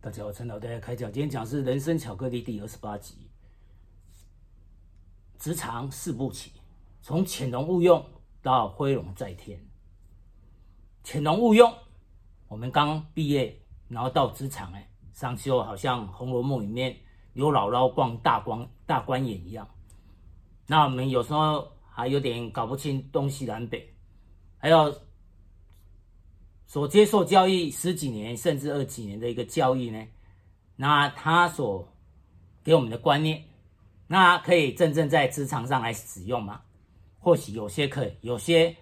大家好，陳老帶來開講。今天講的是《人生巧克力》第二十八集，職場四部曲：從潛龍勿用到飛龍在天。潛龍勿用，我們剛畢業，然後到職場、欸，上去好像《紅樓夢》裡面有姥姥逛大觀大觀園一樣。那我們有時候還有點搞不清東西南北，還要。所接受教育十幾年甚至二幾年的一個教育呢，那他所給我們的觀念，那可以真正，正在職場上來使用嗎？或許有些可以，有些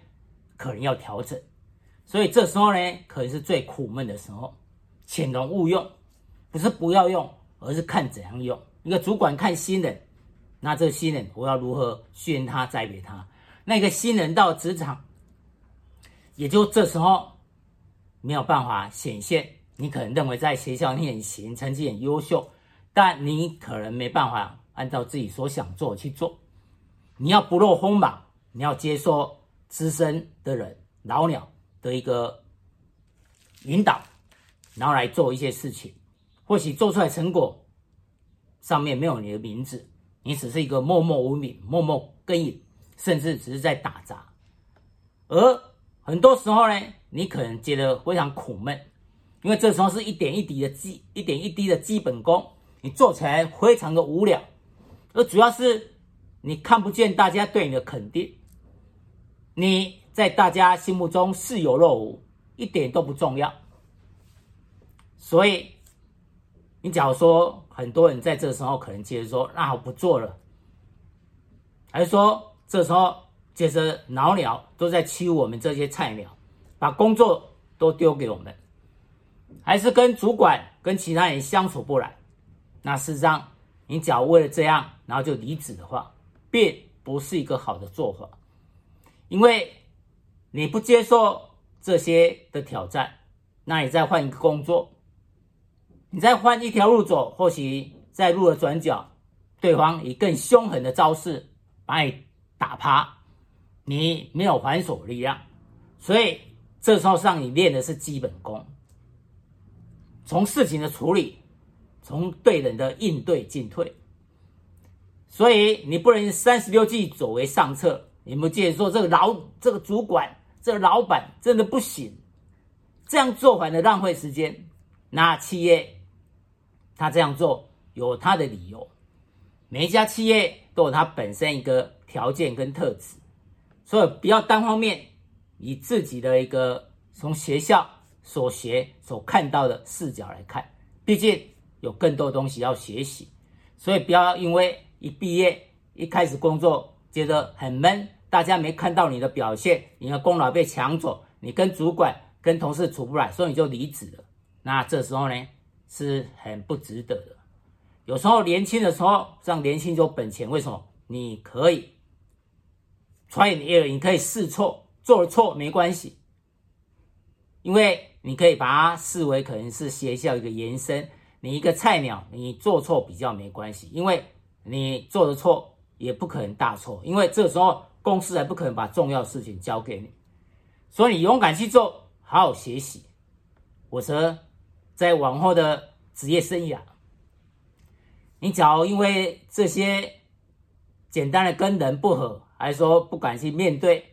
可能要調整。所以這時候呢，可能是最苦悶的時候。潛龍勿用，不是不要用，而是看怎樣用。一個主管看新人，那這個新人我要如何訓他、栽培他？那個新人到職場，也就這時候。沒有辦法顯現，你可能認為在學校你很行，成績很優秀，但你可能沒辦法按照自己所想做去做。你要不露鋒芒，你要接受資深的人、老鳥的一個引導，然後來做一些事情，或許做出來成果上面沒有你的名字，你只是一個默默無名、默默耕耘，甚至只是在打雜。而很多時候呢？你可能覺得非常苦悶，因為這時候是一點一滴的基，一點一滴的基本功，你做起來非常的無聊，而主要是你看不見大家對你的肯定，你在大家心目中似有若無，一點都不重要。所以，你假如說很多人在這時候可能接着說，那、啊、好，不做了，還是說這時候接着老鳥都在欺負我們這些菜鳥。把工作都丟給我們，還是跟主管、跟其他人相處不來，那事實上，你只要為了這樣，然後就離職的話，並不是一個好的做法。因為你不接受這些的挑戰，那你再換一個工作，你再換一條路走，或許在路的轉角，對方以更凶狠的招式把你打趴，你沒有還手力量，所以。這時候讓你練的是基本功，從事情的處理，從對人的應對進退，所以你不能三十六計走為上策。你不見得說這個老這個主管這個老闆真的不行，這樣做反而浪費時間。那企業他這樣做有他的理由，每一家企業都有他本身一個條件跟特質，所以不要單方面，以自己的一個從學校所學所看到的視角來看，畢竟有更多東西要學習，所以不要因為一畢業一開始工作覺得很悶，大家沒看到你的表現，你的功勞被搶走，你跟主管跟同事處不來，所以你就離職了。那這時候呢，是很不值得的。有時候年輕的時候，讓年輕就本錢，為什麼？你可以 try and error，你可以試錯。做的錯沒關係，因為你可以把它視為可能是學校一個延伸。你一個菜鳥，你做錯比較沒關係，因為你做的錯也不可能大錯，因為這時候公司還不可能把重要的事情交給你。所以，你勇敢去做，好好學習。我說在往後的職業生涯，你假如因為這些簡單的跟人不合，還是說不敢去面對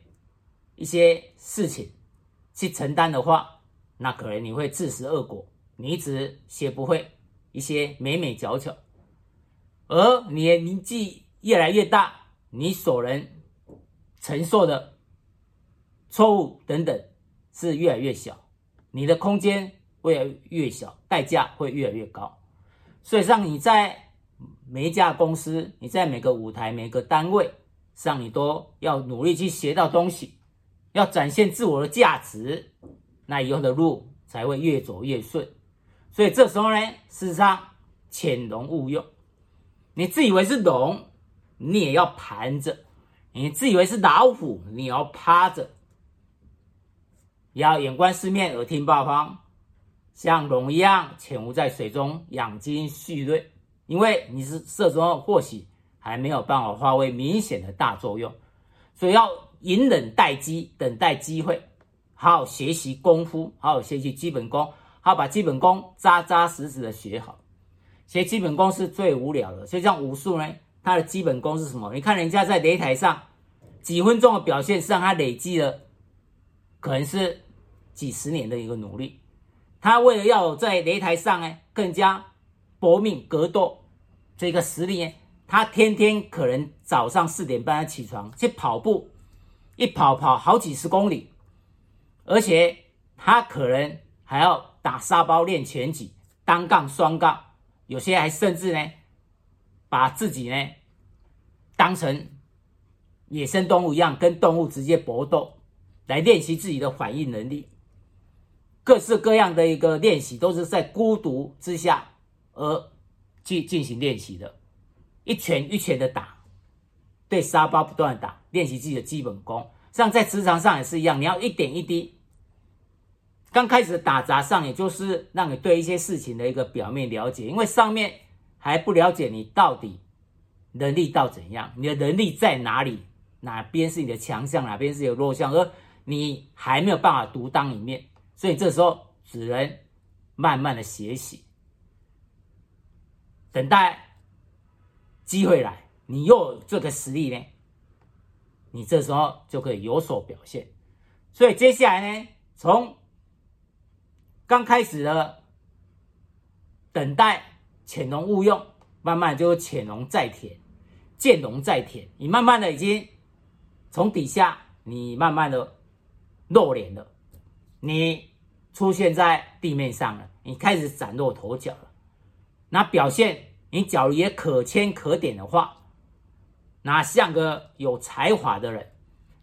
一些事情去承擔的話，那可能你會自食惡果，你一直學不會一些美美巧巧，而你的年紀越來越大，你所能承受的錯誤等等是越來越小，你的空間會越來越小，代價會越來越高，所以讓你在每一家公司，你在每個舞台、每個單位上，讓你都要努力去學到東西，要展現自我的價值，那以後的路才會越走越順。所以這時候呢，事實上潛龍勿用。你自以為是龍，你也要盤着；你自以為是老虎，你要趴着。也要眼觀四面，耳聽八方，像龍一樣潛伏在水中，養精蓄銳。因為你是射中後，或許還沒有辦法發揮明顯的大作用，所以要。隱忍待機，等待機會。好好學習功夫，好好學習基本功，好好把基本功扎扎實實的學好。學基本功是最無聊的，所以像武術呢，它的基本功是什麼？你看人家在擂台上幾分鐘的表現，是讓他累積了可能是幾十年的一個努力。他為了要有在擂台上呢更加搏命格鬥這個實力，他天天可能早上四點半起床去跑步。一跑跑好幾十公里，而且他可能還要打沙包練拳擊、單槓、雙槓，有些還甚至呢把自己呢當成野生動物一樣，跟動物直接搏鬥來練習自己的反應能力。各式各樣的一個練習都是在孤獨之下而去進行練習的，一拳一拳的打。對沙包不斷打，練習自己的基本功。像在職場上也是一樣，你要一點一滴。剛開始打雜上，也就是讓你對一些事情的一個表面了解，因為上面還不了解你到底能力到怎樣，你的能力在哪裡，哪邊是你的強項，哪邊是你的弱項，而你還沒有辦法獨當一面，所以這時候只能慢慢的學習，等待機會來。你又有這個實力呢，你這時候就可以有所表現。所以接下來呢，從剛開始的等待潛龍勿用，慢慢就潛龍在田，見龍在田，你慢慢的已經從底下，你慢慢的露臉了，你出現在地面上了，你開始嶄露頭角了。那表現你假如也可圈可點的話。那像個有才華的人，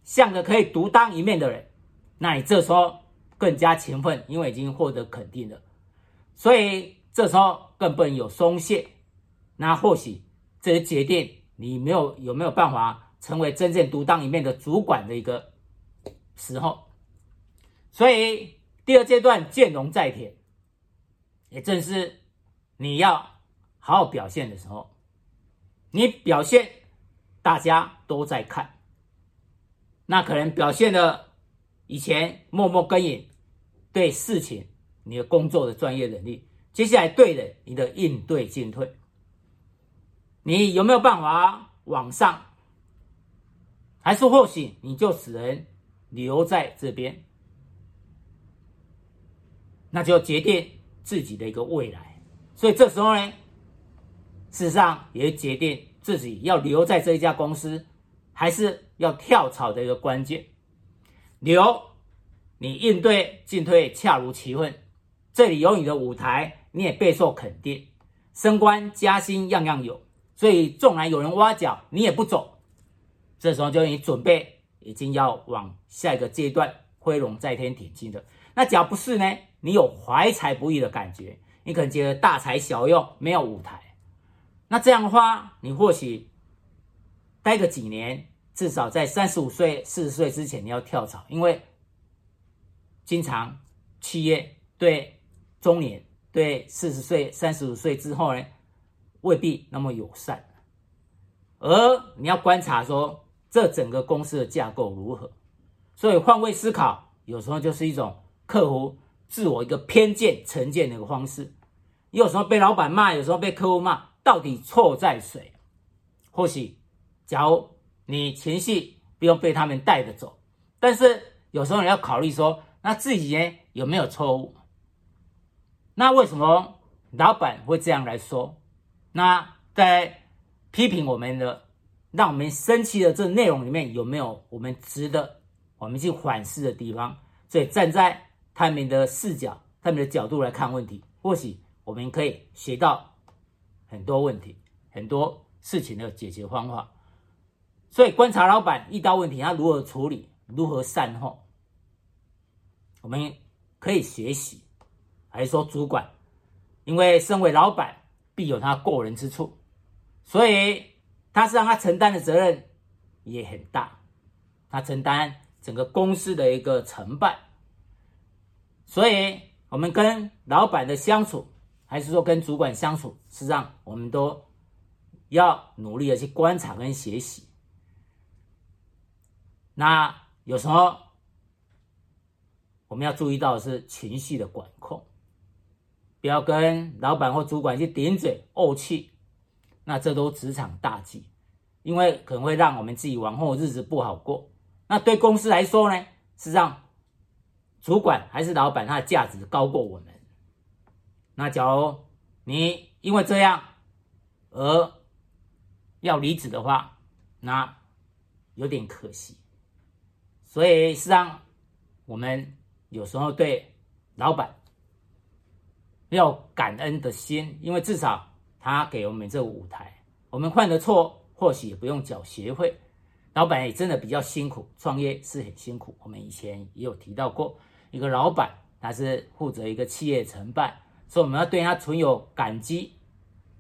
像個可以獨當一面的人，那你這時候更加勤奮，因為已經獲得肯定了，所以這時候更不能有鬆懈。那或許這個決定你沒有有沒有辦法成為真正獨當一面的主管的一個時候，所以第二階段見龍在田，也正是你要好好表現的時候，你表現。大家都在看，那可能表現了以前默默耕耘，對事情你的工作的專業能力，接下來對的你的應對進退，你有沒有辦法往上？還是或許你就只能留在這邊？那就要決定自己的一個未來。所以這時候呢，事實上也會決定。自己要留在這一家公司，還是要跳槽的一個關鍵。留，你應對進退恰如其分，這裡有你的舞台，你也備受肯定，升官加薪樣樣有。所以縱然有人挖角，你也不走。這時候就你準備已經要往下一個階段飛龍在天挺進的。那假如不是呢？你有懷才不遇的感覺，你可能覺得大材小用，沒有舞台。那這樣的話，你或許待個幾年，至少在三十五歲、四十歲之前，你要跳槽，因為經常企業對中年、對四十歲、三十五歲之後呢，未必那麼友善。而你要觀察說這整個公司的架構如何，所以換位思考，有時候就是一種克服自我一個偏見、成見的一個方式。你有時候被老闆罵，有時候被客戶罵。到底錯在誰？或許，假如你情緒不用被他們帶着走，但是有時候你要考慮說，那自己呢，有沒有錯誤？那為什麼老板會這樣來說？那在批評我們的、讓我們生氣的這內容裡面，有沒有我們值得我們去反思的地方？所以站在他們的視角、他們的角度來看問題，或許我們可以學到。很多問題，很多事情的解決方法，所以觀察老闆遇到問題，他如何處理，如何善後，我們可以學習。還是說主管，因為身為老闆，必有他過人之處，所以他是讓他承擔的責任也很大，他承擔整個公司的一個成敗，所以我們跟老闆的相處，還是說跟主管相處，實際上我們都要努力的去觀察跟學習。那有時候我們要注意到的是情緒的管控，不要跟老板或主管去頂嘴慪氣。那這都職場大忌，因為可能會讓我們自己往後的日子不好過。那對公司來說呢，實際上主管還是老板，他的價值高過我們。那假如你因為這樣而要離職的話，那有點可惜。所以，事實上，我們有時候對老板要感恩的心，因為至少他給我們這個舞台，我們犯的錯或許也不用繳學費。老板也真的比較辛苦，創業是很辛苦。我們以前也有提到過，一個老板他是負責一個企業成敗。所以我們要對他存有感激、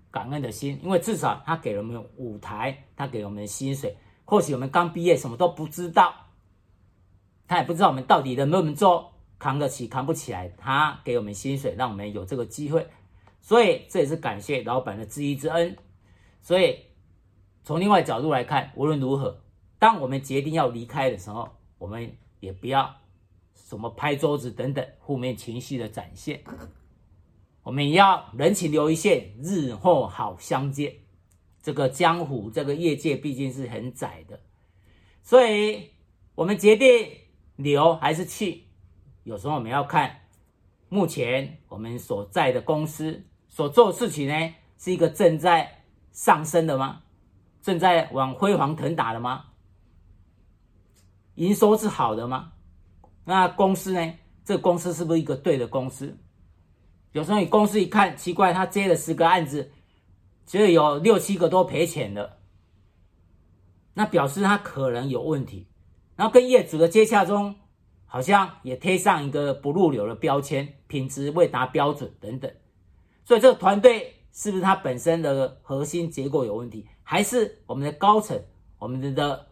感恩的心，因為至少他給了我們舞台，他給了我們薪水。或許我們剛畢業什麼都不知道，他也不知道我們到底能不能做，扛得起扛不起來。他給我們薪水，讓我們有這個機會，所以這也是感謝老板的知遇之恩。所以從另外角度來看，無論如何，當我們決定要離開的時候，我們也不要什麼拍桌子等等負面情緒的展現。我們也要人情留一線，日後好相見。這個江湖，這個業界畢竟是很窄的，所以我們決定留還是去。有時候我們要看，目前我們所在的公司所做的事情呢，是一個正在上升的嗎？正在往輝煌騰達的嗎？營收是好的嗎？那公司呢？這公司是不是一個對的公司？有時候你公司一看，奇怪，他接了十個案子，其實有六七個都賠錢了，那表示他可能有問題。然後跟業主的接洽中，好像也貼上一個不入流的標籤，品質未達標準等等。所以這個團隊是不是他本身的核心結構有問題，還是我們的高層，我們的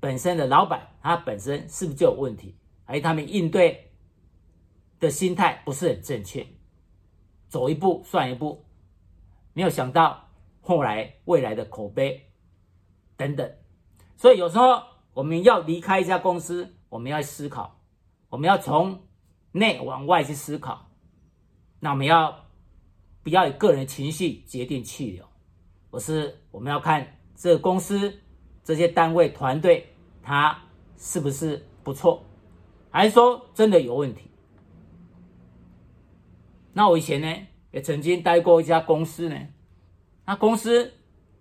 本身的老闆，他本身是不是就有問題，還有他們應對的心態不是很正確？走一步算一步，沒有想到後來未來的口碑等等，所以有時候我們要離開一家公司，我們要思考，我們要從內往外去思考。那我們要不要以個人情緒決定去留？不是，我們要看這個公司、這些單位、團隊，他是不是不錯，還是說真的有問題？那我以前呢，也曾經待過一家公司呢，那公司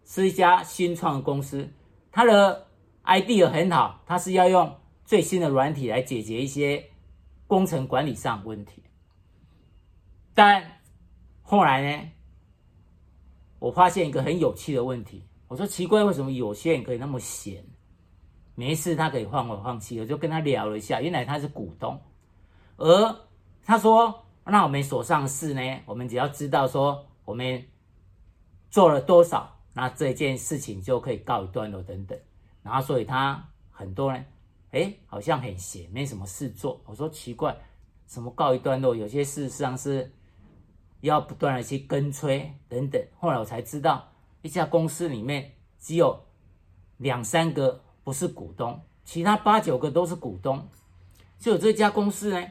是一家新創的公司，它的 idea 很好，它是要用最新的軟體來解決一些工程管理上的問題。但後來呢，我發現一個很有趣的問題，我說奇怪，為什麼有些人可以那麼閒，沒事他可以放我放棄，我就跟他聊了一下，原來他是股東，而他說。那我們所上市呢？我們只要知道說我們做了多少，那這件事情就可以告一段落等等。然後所以他很多人，哎，好像很閒，沒什麼事做。我說奇怪，什麼告一段落？有些事實上是要不斷的去跟催等等。後來我才知道，一家公司裡面只有兩三個不是股東，其他八九個都是股東。只有這家公司呢，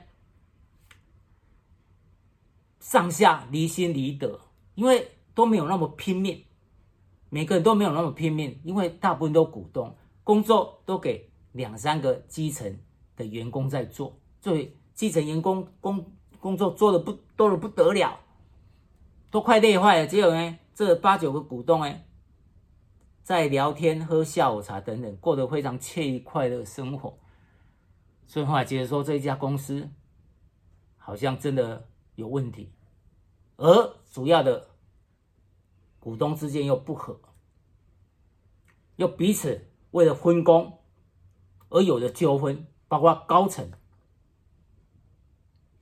上下離心離德，因為都沒有那麼拼命，每個人都沒有那麼拼命，因為大部分都股東，工作都給兩三個基層的員工在做，所以基層員工工工作做的不多的不得了，都快累壞了。結果呢，這八九個股東哎，在聊天、喝下午茶等等，過得非常愜意快樂的生活。所以後來覺得說這一家公司好像真的有問題。而主要的股東之間又不和，又彼此為了分工而有的糾紛，包括高層，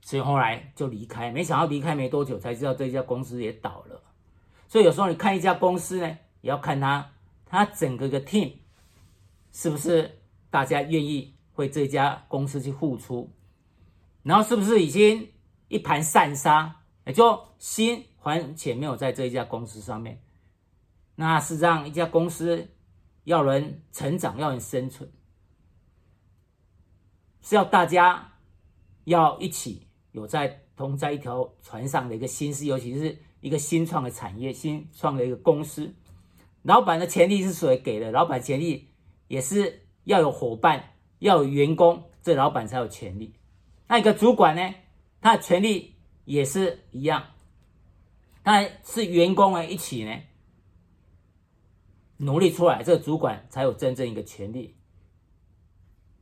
所以後來就離開。沒想到離開沒多久，才知道這家公司也倒了。所以有時候你看一家公司呢，也要看他他整個的 team 是不是大家願意為這家公司去付出，然後是不是已經一盤散沙。也就心還全沒有在這一家公司上面，那是讓一家公司要人成長，要人生存，是要大家要一起有在同在一條船上的一個心思，尤其是一個新創的產業、新創的一個公司，老闆的權力是誰給的？老闆權力也是要有夥伴，要有員工，這老闆才有權力。那一個主管呢？他的權力？也是一樣，當然是員工們一起呢努力出來，這個主管才有真正一個權力。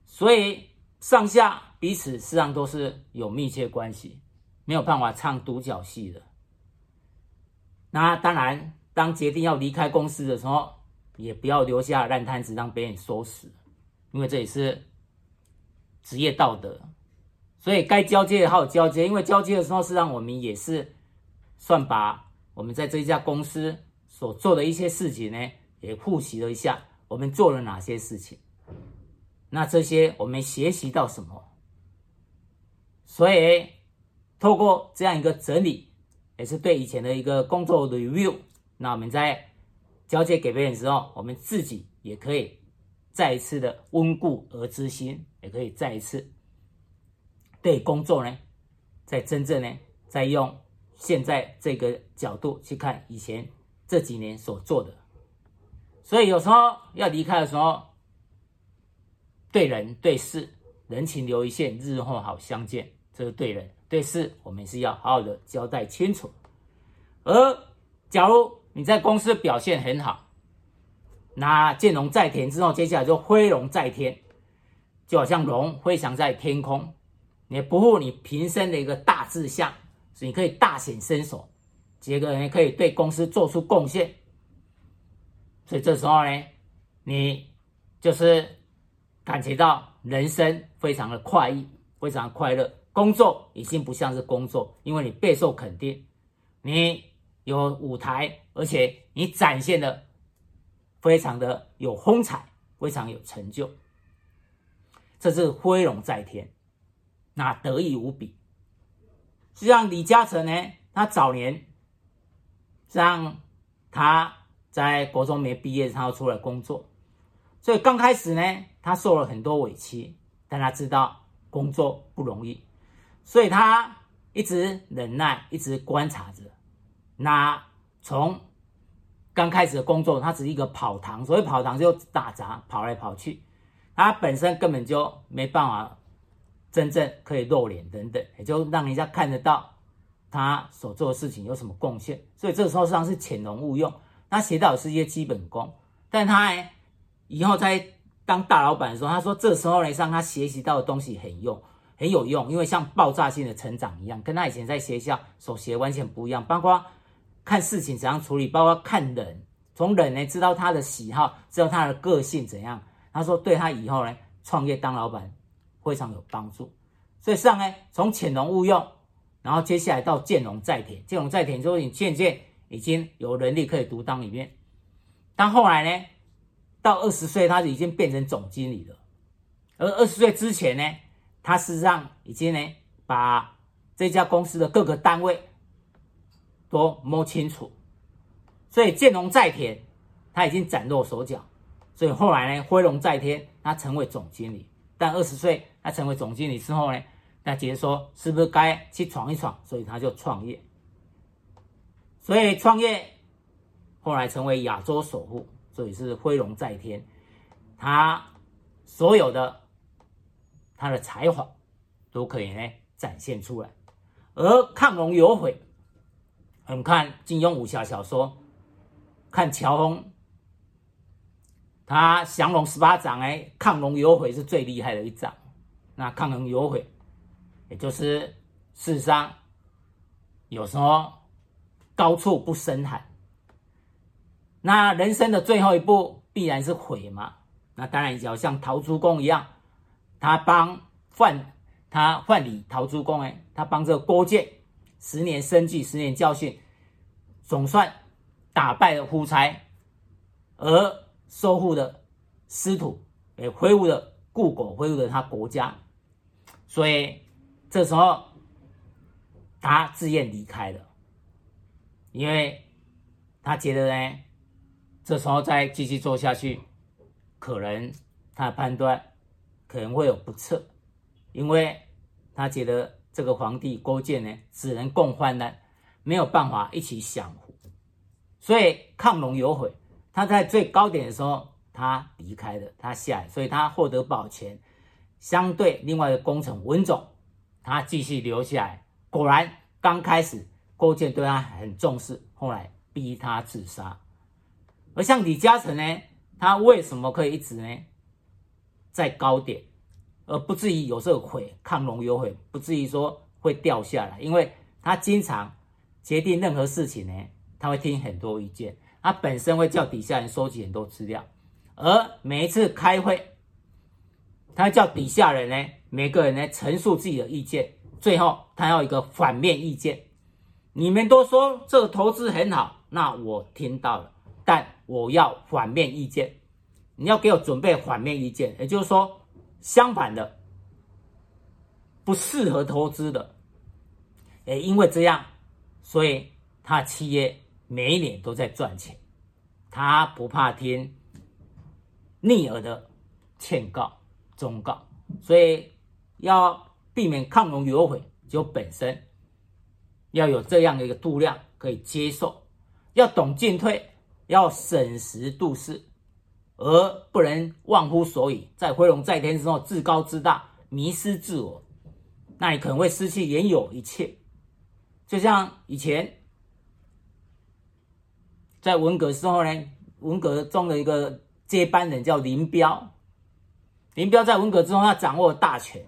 所以上下彼此實際上都是有密切關係，沒有辦法唱獨角戲的。那當然，當決定要離開公司的時候，也不要留下爛攤子讓別人收拾，因為這也是職業道德。所以該交接的還有交接，因為交接的時候，實際上我們也是算把我們在這家公司所做的一些事情呢，也複習了一下，我們做了哪些事情。那這些我們學習到什麼？所以透過這樣一個整理，也是對以前的一個工作的 review。那我們在交接給別人之後，我們自己也可以再一次的溫故而知新，也可以再一次。對工作呢，在真正呢，在用現在這個角度去看以前這幾年所做的，所以有時候要離開的時候，對人對事，人情留一線，日後好相見，這是對人對事，我們是要好好的交代清楚。而假如你在公司表現很好，那見龍在田之後，接下來就飛龍在天，就好像龍飛翔在天空。你不負你平生的一個大志向，所以你可以大顯身手，結果呢，可以對公司做出貢獻，所以這時候呢，你就是感覺到人生非常的快意，非常的快樂，工作已經不像是工作，因為你備受肯定，你有舞台，而且你展現的非常的有風采，非常有成就，這是飛龍在天。那得意無比。實際上李嘉誠呢，他早年，讓他，在國中沒畢業，他要出來工作，所以剛開始呢，他受了很多委屈，但他知道工作不容易，所以他一直忍耐，一直觀察着。那從剛開始的工作，他只是一個跑堂，所以跑堂就打雜，跑來跑去，他本身根本就沒辦法。真正可以露臉等等，也就讓人家看得到他所做的事情有什麼貢獻。所以這時候實際上是潛龍勿用。他學到的是一些基本功，但他呢以後在當大老闆的時候，他說這時候呢讓他學習到的東西很用，很有用，因為像爆炸性的成長一樣，跟他以前在學校所學完全不一樣。包括看事情怎樣處理，包括看人，從人呢知道他的喜好，知道他的個性怎樣。他說對他以後呢創業當老闆。非常有幫助。所以，上呢從潛龍勿用，然後接下來到見龍在田，見龍在田之後，你漸漸已經有能力可以獨當一面。但後來呢，到二十歲，他就已經變成總經理了。而二十歲之前呢，他事實上已經呢把這家公司的各個單位都摸清楚。所以，見龍在田，他已經嶄露手腳。所以後來呢，飛龍在天，他成為總經理。但二十歲。他成為總經理之後呢，那覺得說是不是該去闖一闖，所以他就創業。所以創業後來成為亞洲首富，所以是飛龍在天，他所有的他的才華都可以呢展現出來。而亢龍有悔，我們看金庸武俠小、小說，看喬峰，他降龍十八掌哎，亢龍有悔是最厲害的一掌。那亢龍有悔，也就是世上，有時候高處不勝寒。那人生的最後一步，必然是悔嘛？那當然也要像陶朱公一樣，他幫范，他范蠡陶朱公哎，他幫着勾踐，十年生聚，十年教訓，總算打敗了夫差，而收復了失土，也恢復了。故國恢復了他國家，所以這時候他自願離開了，因為他覺得呢，這時候再繼續做下去，可能他的判斷可能會有不測，因為他覺得這個皇帝勾踐呢，只能共患難，沒有辦法一起享福，所以亢龍有悔，他在最高點的時候。他離開了，他下來，所以他獲得保全。相對另外的功臣文種，他繼續留下來。果然，剛開始勾踐對他很重視，後來逼他自殺。而像李嘉誠呢，他為什麼可以一直呢在高點，而不至於有時候會亢龍有悔，不至於說會掉下來？因為他經常決定任何事情呢，他會聽很多意見，他本身會叫底下人收集很多資料。而每一次開會，他叫底下人呢，每個人呢陳述自己的意見，最後他要一個反面意見。你們都說這個投資很好，那我聽到了，但我要反面意見，你要給我準備反面意見，也就是說相反的，不適合投資的。哎，因為這樣，所以他企業每一年都在賺錢，他不怕聽。逆耳的勸告、忠告，所以要避免亢龍有悔，就本身要有這樣的一個度量，可以接受，要懂進退，要審時度勢，而不能忘乎所以。在“飛龍在天”之後，自高自大，迷失自我，那你可能會失去原有一切。就像以前在文革時候呢，文革中的一個。接班人叫林彪，林彪在文革之中要掌握了大權，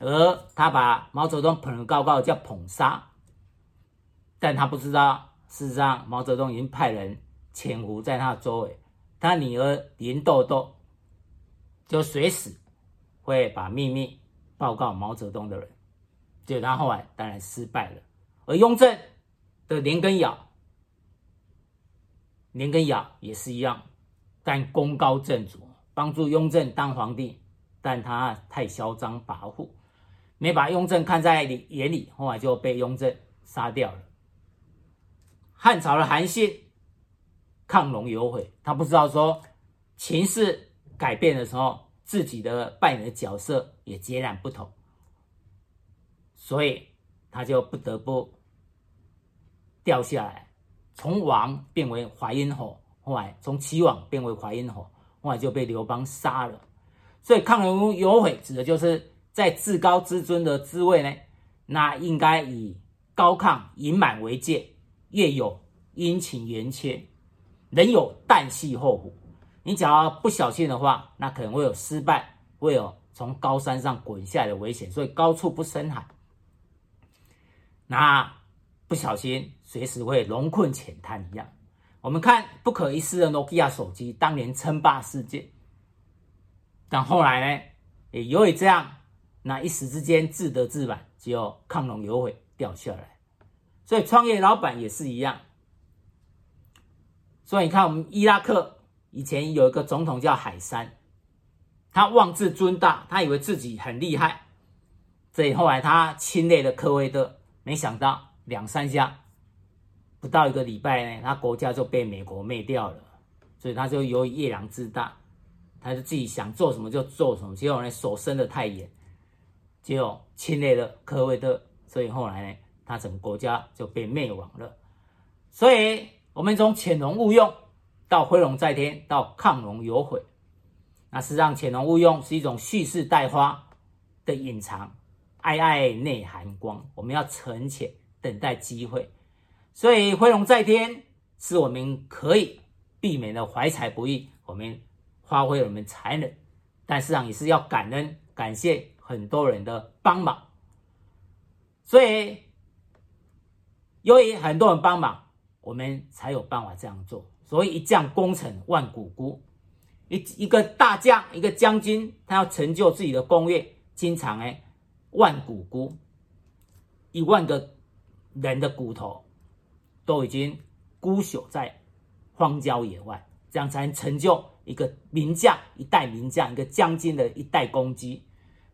而他把毛澤東捧得高高的叫捧殺，但他不知道，事實上毛澤東已經派人潛伏在他的周圍，他女兒林豆豆就隨時會把秘密報告毛澤東的人，就他後來當然失敗了。而雍正的年羹堯，年羹堯也是一樣。但功高震主，幫助雍正當皇帝，但他太囂張跋扈，沒把雍正看在眼裡，後來就被雍正殺掉了。漢朝的韓信，亢龍有悔，他不知道說情勢改變的時候，自己的扮演的角色也截然不同，所以他就不得不掉下來，從王變為淮陰侯。後來從齊王變為淮陰侯，後來就被劉邦殺了。所以亢龍有悔，指的就是在至高之尊的滋味呢，那應該以高亢盈滿為戒。月有陰晴圓缺，人有旦夕禍福。你只要不小心的話，那可能會有失敗，會有從高山上滾下來的危險。所以高處不勝寒，那不小心隨時會龍困淺灘一樣。我們看不可一世的諾基亞手機，當年稱霸世界，但後來呢？也由於這樣，那一時之間自得自滿，就亢龍有悔掉下來。所以創業老闆也是一樣。所以你看，我們伊拉克以前有一個總統叫海山，他妄自尊大，他以為自己很厲害，所以後來他侵略了科威特，沒想到兩三下。不到一個禮拜呢，他國家就被美國滅掉了，所以他就由於夜郎自大，他就自己想做什麼就做什麼，結果呢，手伸的太遠，就侵略了科威特，所以後來呢，他整個國家就被滅亡了。所以我們從潛龍勿用到飛龍在天到亢龍有悔，那實際上潛龍勿用是一種蓄勢待發的隱藏，曖曖內含光，我們要沉潛等待機會。所以，飛龍在天是我們可以避免的懷才不遇。我們發揮我們才能，但事實上也是要感恩，感謝很多人的幫忙。所以，由於很多人幫忙，我們才有辦法這樣做。所以一骨骨，一將功成萬骨枯，一一個大將，一個將軍，他要成就自己的功業，經常哎，萬骨枯，一萬個人的骨頭。都已經孤朽在荒郊野外，這樣才能成就一個名將、一代名將、一個將軍的一代功績。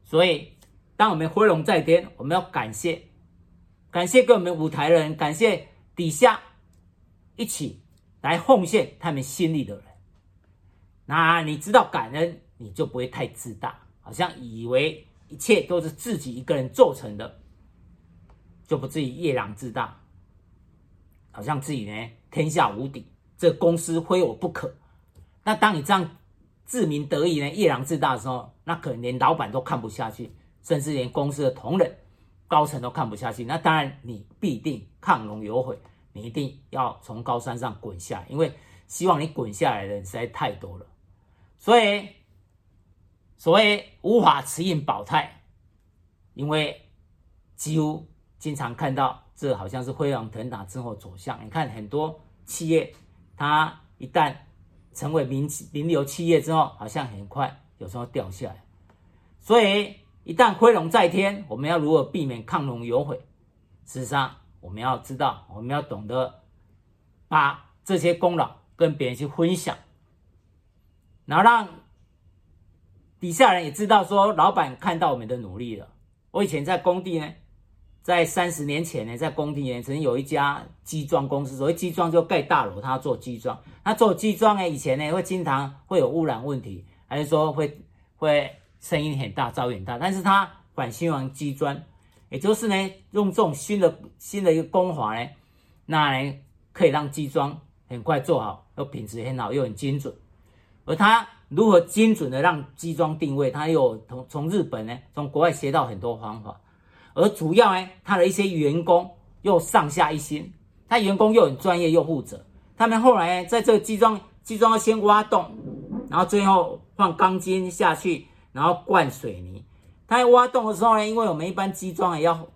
所以，當我們飛龍在天，我們要感謝，感謝給我們舞台的人，感謝底下一起來奉獻他們心力的人。那你知道感恩，你就不會太自大，好像以為一切都是自己一個人做成的，就不至於夜郎自大。好像自己呢天下無敵，這公司非我不可。那當你這樣自鳴得意呢、夜郎自大的時候，那可能連老闆都看不下去，甚至連公司的同仁、高層都看不下去。那當然，你必定亢龍有悔，你一定要從高山上滾下來，因為希望你滾下來的人實在太多了。所以，所謂無法持盈保泰，因為幾乎經常看到。這好像是飛黃騰達之後走向，你看很多企業，它一旦成為名名流企業之後，好像很快有時候掉下來。所以一旦飛龍在天，我們要如何避免亢龍有悔？事實上，我們要知道，我們要懂得把這些功勞跟別人去分享，然後讓底下人也知道說，老闆看到我們的努力了。我以前在工地呢，在三十年前呢，在工地呢，曾經有一家基樁公司，所謂基樁就蓋大樓，他做基樁，他做基樁呢，以前呢會經常會有污染問題，還是說會會聲音很大，噪音很大，但是他轉型成基樁，也就是呢用這種新的新的一個工法呢，那呢可以讓基樁很快做好，又品質很好，又很精準。而他如何精準的讓基樁定位，他又從從日本呢，從國外學到很多方法。而主要呢，他的一些員工又上下一心，他員工又很專業又負責。他們後來呢，在這個基樁基樁要先挖洞，然後最後放鋼筋下去，然後灌水泥。他要挖洞的時候呢，因為我們一般基樁也要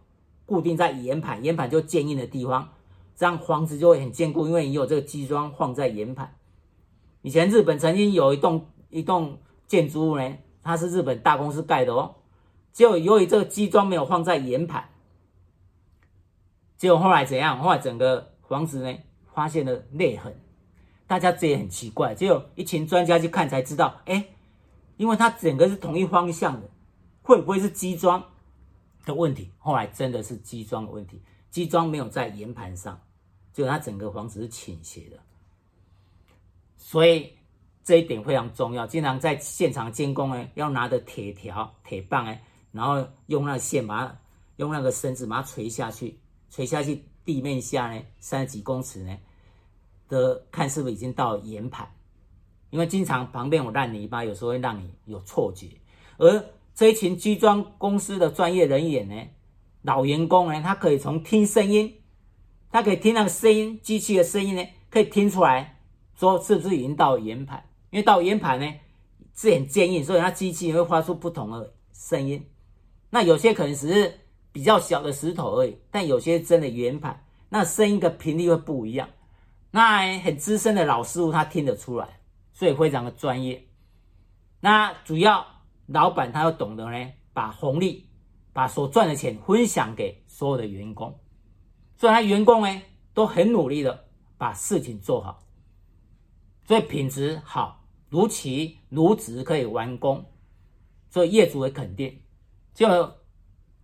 固定在岩盤，岩盤就堅硬的地方，這樣房子就會很堅固，因為你有這個基樁放在岩盤。以前日本曾經有一棟一棟建築物呢，它是日本大公司蓋的哦。就由於這個基樁沒有放在岩盤，結果後來怎樣？後來整個房子呢發現了裂痕，大家這也很奇怪。就一群專家去看才知道，哎、欸，因為它整個是同一方向的，會不會是基樁的問題？後來真的是基樁的問題，基樁沒有在岩盤上，結果它整個房子是傾斜的。所以這一點非常重要。經常在現場監工呢，要拿着鐵條、鐵棒哎。然後用那個線把它，用那個繩子把它垂下去，垂下去地面下呢三十幾公尺呢，得看是不是已經到岩盤，因為經常旁邊有爛泥巴，有時候會讓你有錯覺。而這一群機裝公司的專業人員呢，老員工呢，他可以從聽聲音，他可以聽那個聲音，機器的聲音呢，可以聽出來，說是不是已經到岩盤，因為到岩盤呢這很堅硬，所以它機器也會發出不同的聲音。那有些可能只是比較小的石頭而已，但有些真的圓盤，那聲音的頻率會不一樣。那很資深的老師傅他聽得出來，所以非常的專業。那主要老闆他要懂得呢，把紅利，把所賺的錢分享給所有的員工，所以他員工呢都很努力的把事情做好，所以品質好，如期如質可以完工，所以業主會肯定。就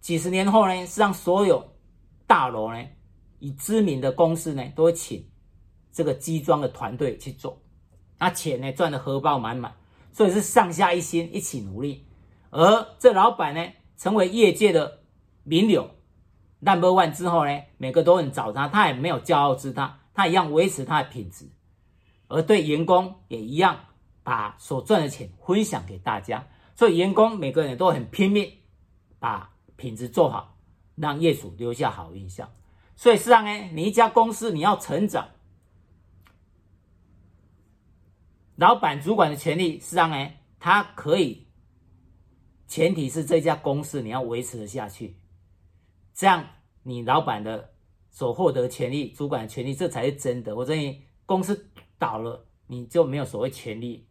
幾十年後呢，是讓所有大樓呢，以知名的公司呢，都請這個機裝的團隊去做，那、啊、錢呢賺得荷包滿滿，所以是上下一心一起努力。而這老板呢，成為業界的名流，number、no. one 之後呢，每個都很找他，他也沒有驕傲自大，他一樣維持他的品質，而對員工也一樣，把所賺的錢分享給大家，所以員工每個人都很拼命。把品質做好，讓業主留下好印象。所以，是讓哎，你一家公司你要成長，老闆主管的權利是讓哎，他可以，前提是這家公司你要維持的下去。這樣，你老闆的所獲得的權利、主管的權利，這才是真的。我認為公司倒了，你就沒有所謂權利。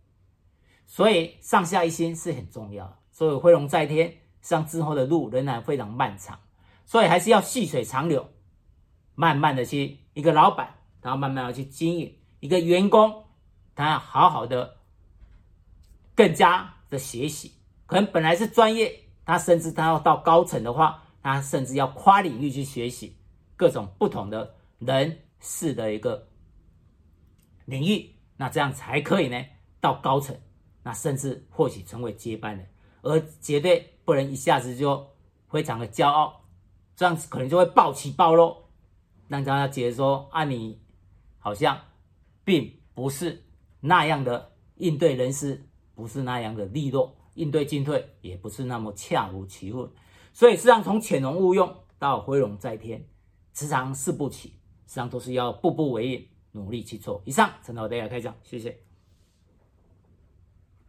所以，上下一心是很重要。所以，飛龍在天。像之後的路仍然非常漫長，所以還是要細水長流，慢慢的去一個老闆，然後慢慢要去經營一個員工，他要好好的更加的學習，可能本來是專業，他甚至他要到高層的話，他甚至要跨領域去學習各種不同的人事的一個領域，那這樣才可以呢，到高層，那甚至或許成為接班人。而絕對不能一下子就非常的驕傲，這樣子可能就會暴起暴落，讓大家覺得說啊，你好像並不是那樣的應對人事，不是那樣的利落，應對進退也不是那麼恰如其分。所以實際上從潛龍勿用到飛龍在天，職場四部曲，實際上都是要步步為營，努力去做。以上，陳老為大家開講，謝謝。